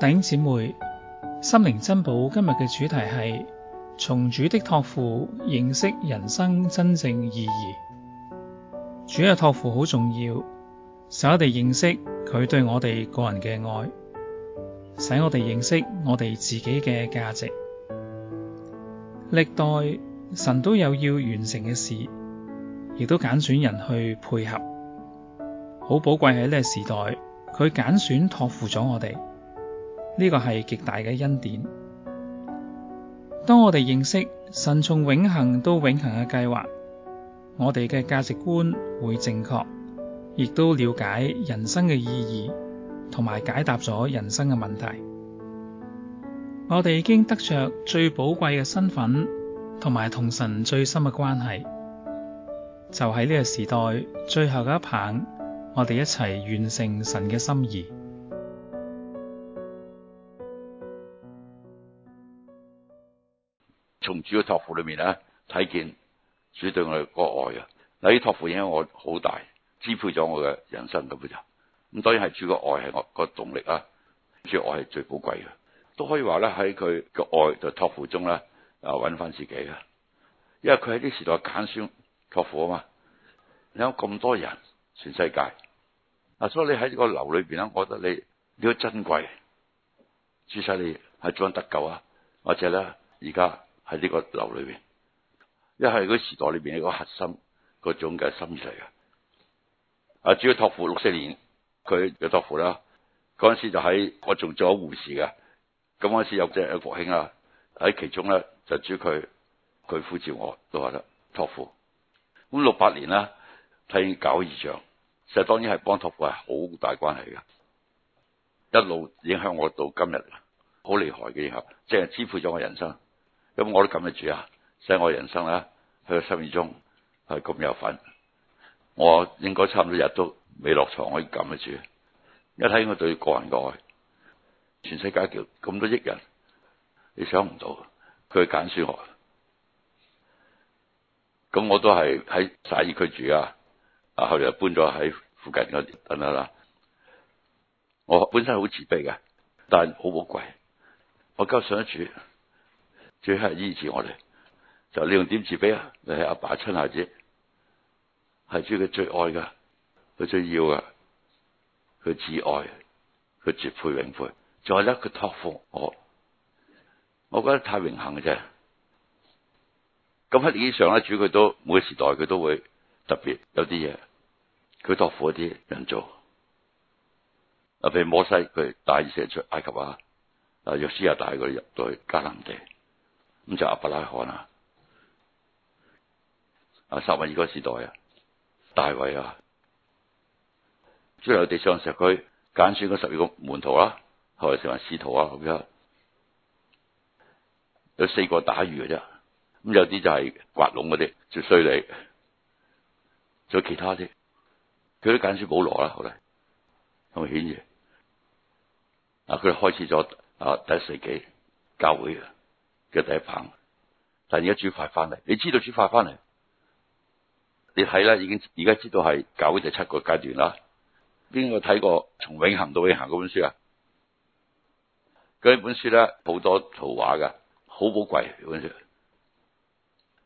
弟兄姊妹，心靈珍寶今日嘅主題係從主的託付認識人生真正意義。主嘅託付好重要，使我哋認識佢對我哋個人嘅愛，使我哋認識我哋自己嘅價值。歷代神都有要完成嘅事，亦都揀選人去配合，好寶貴喺呢個時代，佢揀選託付咗我哋。呢個係極大嘅恩典。當我哋認識神從永恆到永恆嘅計劃，我哋嘅價值觀會正確，亦都了解人生嘅意義，同埋解答咗人生嘅問題。我哋已經得着最寶貴嘅身份，同埋同神最深嘅關係。就喺呢個時代最後嘅一棒，我哋一齊完成神嘅心意。從主嘅託付裏面咧睇見主對我嘅愛啊！嗱，啲託付影響我好大，支配咗我嘅人生咁就，咁當然係主嘅愛係我個動力啊！主愛係最寶貴嘅，都可以話咧喺佢個愛就託付中咧啊，揾翻自己嘅、啊，因為佢喺啲時代揀選託付啊嘛！你有咁多人全世界，啊，所以你喺呢個樓裏邊咧，我覺得你你好珍貴，主使你係做得救啊，或者咧而家。喺呢個樓裏邊，因為係嗰時代裏邊一個核心個總嘅心意嚟嘅。啊，主要託付六四年，佢有託付啦。嗰陣時就喺我仲做咗護士嘅，咁嗰陣時有只阿國興啦，喺其中咧就主佢，佢呼召我都話得托付。咁六八年啦，睇見搞異象，實際當然係幫託付係好大關係嘅，一路影響我到今日，好厲害嘅以後，即係支配咗我人生。咁我都撳得住啊！使我人生咧喺個心意中係咁有份，我應該差唔多日都未落床，可以撳得住。一睇我對個人個愛，全世界叫咁多億人，你想唔到佢去揀書學。咁我，我都係喺沙二區住噶、啊，啊後嚟搬咗喺附近嗰啲等等啦。我本身好自卑嘅，但係好寶貴，我今日上得住。最係醫治我哋，就你用點自卑啊？你係阿爸親下子，係主要佢最愛噶，佢最要噶，佢至愛，佢絕配永配。再一個託付我，我覺得太榮幸嘅啫。咁喺歷史上咧，主佢都每個時代佢都會特別有啲嘢，佢托付一啲人做，譬如摩西佢帶以色列出埃及啊，啊約書亞帶佢入到去迦南地。咁就阿伯拉罕啊，啊十萬二個時代啊，大衛啊，最我哋上石區揀選個十二個門徒啦，後來成為使徒啊咁樣，有四個打魚嘅啫，咁有啲就係刮龍嗰啲就衰你，仲有其他啲，佢都揀選保羅啦，後來，咁顯嘢，啊佢開始咗啊第一世紀教會嘅第一棒，但而家主快翻嚟，你知道主快翻嚟？你睇啦，已經而家知道係教會就七個階段啦。邊個睇過《從永恒到永恒》嗰本書啊？嗰本書咧好多圖畫噶，好寶貴本書。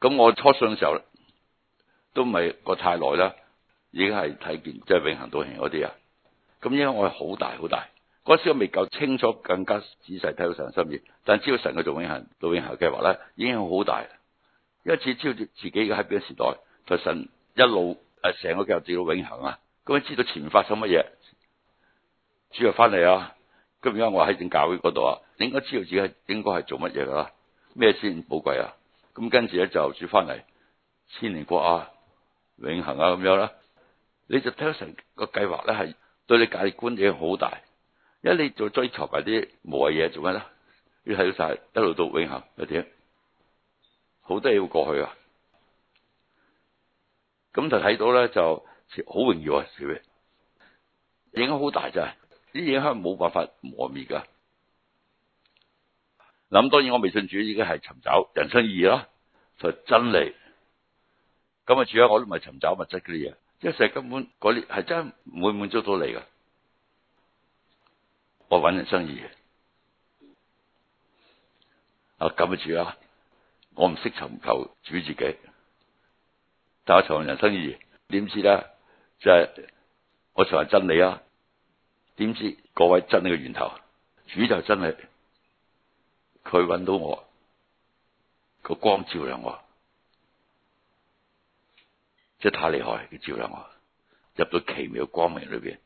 咁我初信嘅時候都唔係過太耐啦，已經係睇見即係、就是、永恒到永恒嗰啲啊。咁因為我係好大好大。嗰時我未夠清楚，更加仔細睇到神心意，但知道神嘅做永恒、做永恒計劃咧，影響好大。因為只知道自己喺邊個時代，同神一路誒，成個計劃到永恒啊！咁樣知道前面發生乜嘢，主要翻嚟啊！咁而家我喺正教會嗰度啊，你應該知道自己應該係做乜嘢噶啦，咩先寶貴啊！咁跟住咧就主翻嚟，千年國啊，永恒啊咁樣啦，你就睇到神個計劃咧係對你價值觀影響好大。一你做追求埋啲無謂嘢做咩咧？要睇到晒一路到永恒又點？好多嘢要過去啊！咁就睇到咧就好榮耀啊，影響好大真，啲影響冇辦法磨滅噶。嗱咁，當然我未信主已經係尋找人生意義啦，就真理。咁啊，主要我都唔係尋找物質嗰啲嘢，即係成日根本嗰啲係真係唔會滿足到你噶。我搵人生意，啊咁嘅主啊，我唔識尋求主自己，但我尋人生意，點知咧就係、是、我尋係真理啊，點知各位真理嘅源頭，主就係真理，佢揾到我，個光照亮我，即、就、係、是、太厲害，佢照亮我，入到奇妙嘅光明裏邊。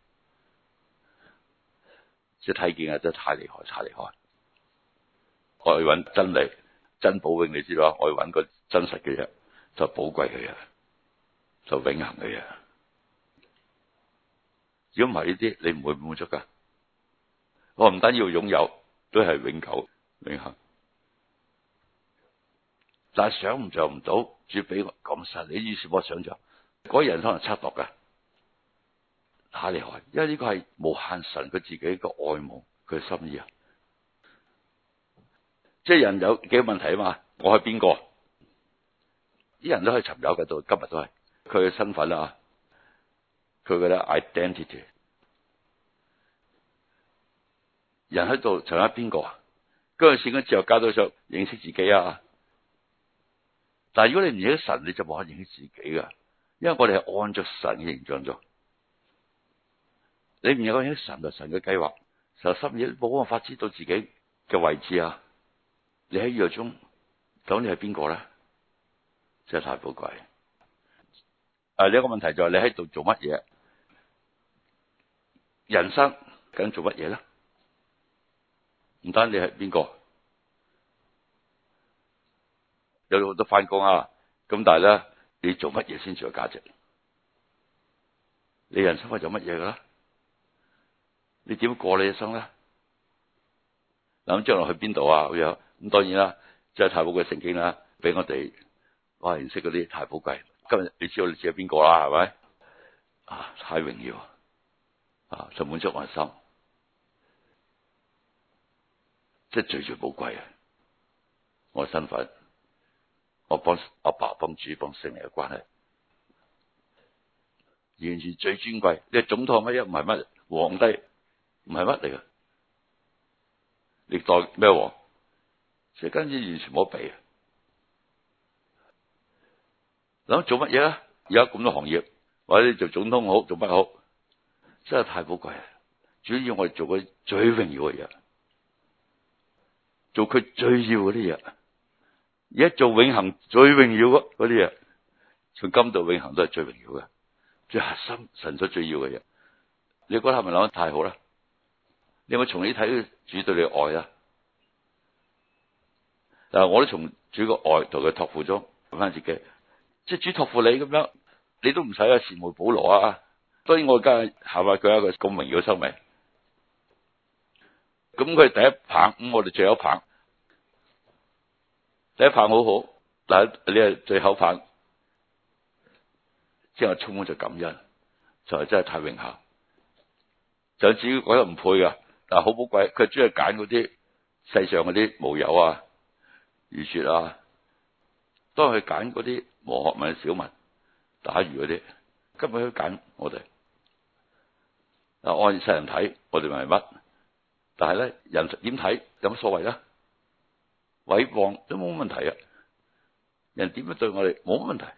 即係睇見啊，真係太厲害，太厲害！我去揾真理、真寶永，你知道我去揾個真實嘅嘢，就寶貴嘅嘢，就永恆嘅嘢。如果唔係呢啲，你唔會滿足噶。我唔單要擁有，都係永久、永恆。但係想唔做唔到，絕俾我咁實。你於是我想象，嗰人可能七奪噶。太厲害，因為呢個係無限神佢自己個愛夢，佢嘅心意啊，即係人有幾個問題啊嘛？我係邊個？啲人都係尋找喺度，今日都係佢嘅身份啊，佢嘅咧 identity。人喺度尋翻邊個啊？嗰陣時跟哲學家都想認識自己啊，但係如果你唔認識神，你就冇可能認識自己噶，因為我哋係按着神嘅形象做。你面講喺神神嘅計劃，神心野冇辦法知道自己嘅位置啊！你喺宇宙中究竟你係邊個咧？真係太寶貴。誒，另一個問題就係你喺度做乜嘢？人生究竟做乜嘢咧？唔單你係邊個，有好多翻工啊！咁但係咧，你做乜嘢先至有價值？你人生係做乜嘢噶啦？你點過你一生咧？諗將來去邊度啊？咁樣咁當然啦，就係、是、太寶貴嘅聖經啦，俾我哋認識嗰啲太寶貴。今日你知道你自己係邊個啦？係咪啊？太榮耀啊！就滿足我心，即係最最寶貴啊！我身份，我幫阿爸幫主幫聖靈嘅關係，完全最尊貴。你總統乜嘢唔係乜？皇帝？唔係乜嚟噶歷代咩王，其實跟住完全冇比啊！諗做乜嘢啊？而家咁多行業，或者你做總統好，做乜好？真係太寶貴啦！主要我哋做佢最榮耀嘅嘢，做佢最要嗰啲嘢。而家做永恒最榮耀嗰嗰啲嘢，從今到永恒都係最榮耀嘅，最核心神所最要嘅嘢。你覺得係咪諗得太好啦？你有冇從你睇佢主對你嘅愛啊？嗱，我都從主個愛同佢托付咗。諗翻自己，即係主托付你咁樣，你都唔使阿羨慕保羅啊。雖然我而家下咪佢一個咁榮耀嘅生命，咁佢係第一棒，咁我哋最後棒。第一棒好好，嗱，你係最後棒，之後充滿，就感恩，就係、是、真係太榮幸。就至於覺得唔配嘅。嗱，好寶貴，佢專係揀嗰啲世上嗰啲無有啊、愚拙啊，都係揀嗰啲無學問嘅小民，打魚嗰啲。根本去揀我哋，嗱，按世人睇我哋咪乜？但係咧人點睇有乜所謂啊？偉望都冇問題啊！人點樣對我哋冇乜問題、啊，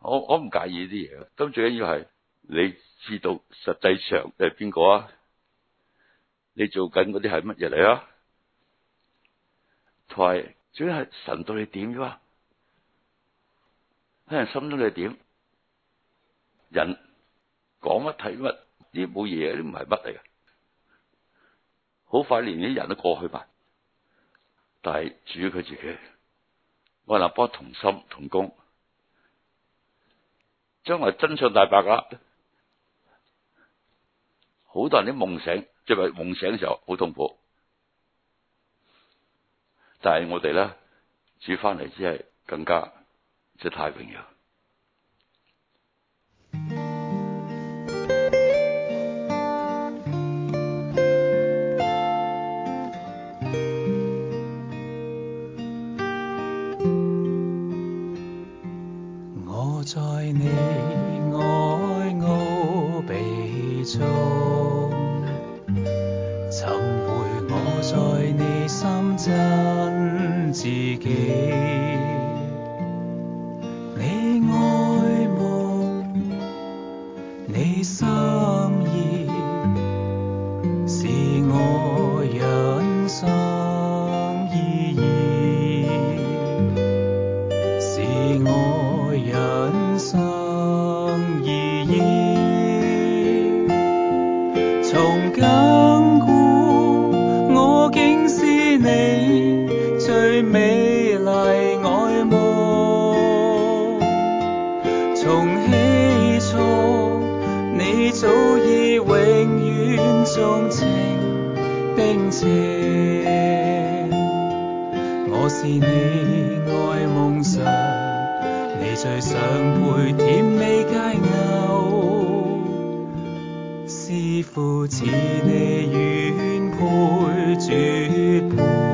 我我唔介意呢啲嘢，咁最緊要係你知道實際上係邊個啊？你做緊嗰啲係乜嘢嚟啊？同埋主要係神對你點嘅？喺人心中你點？人講乜睇乜？啲冇嘢，你唔係乜嚟嘅。好快連啲人都過去吧，但係主要佢自己，我能夠幫同心同工，將來真相大白噶，好多人啲夢醒。即係夢醒嘅時候好痛苦，但係，我哋咧住翻嚟，只係更加即係太榮耀。陪甜配甜美佳偶，是父賜祢原配、絕配、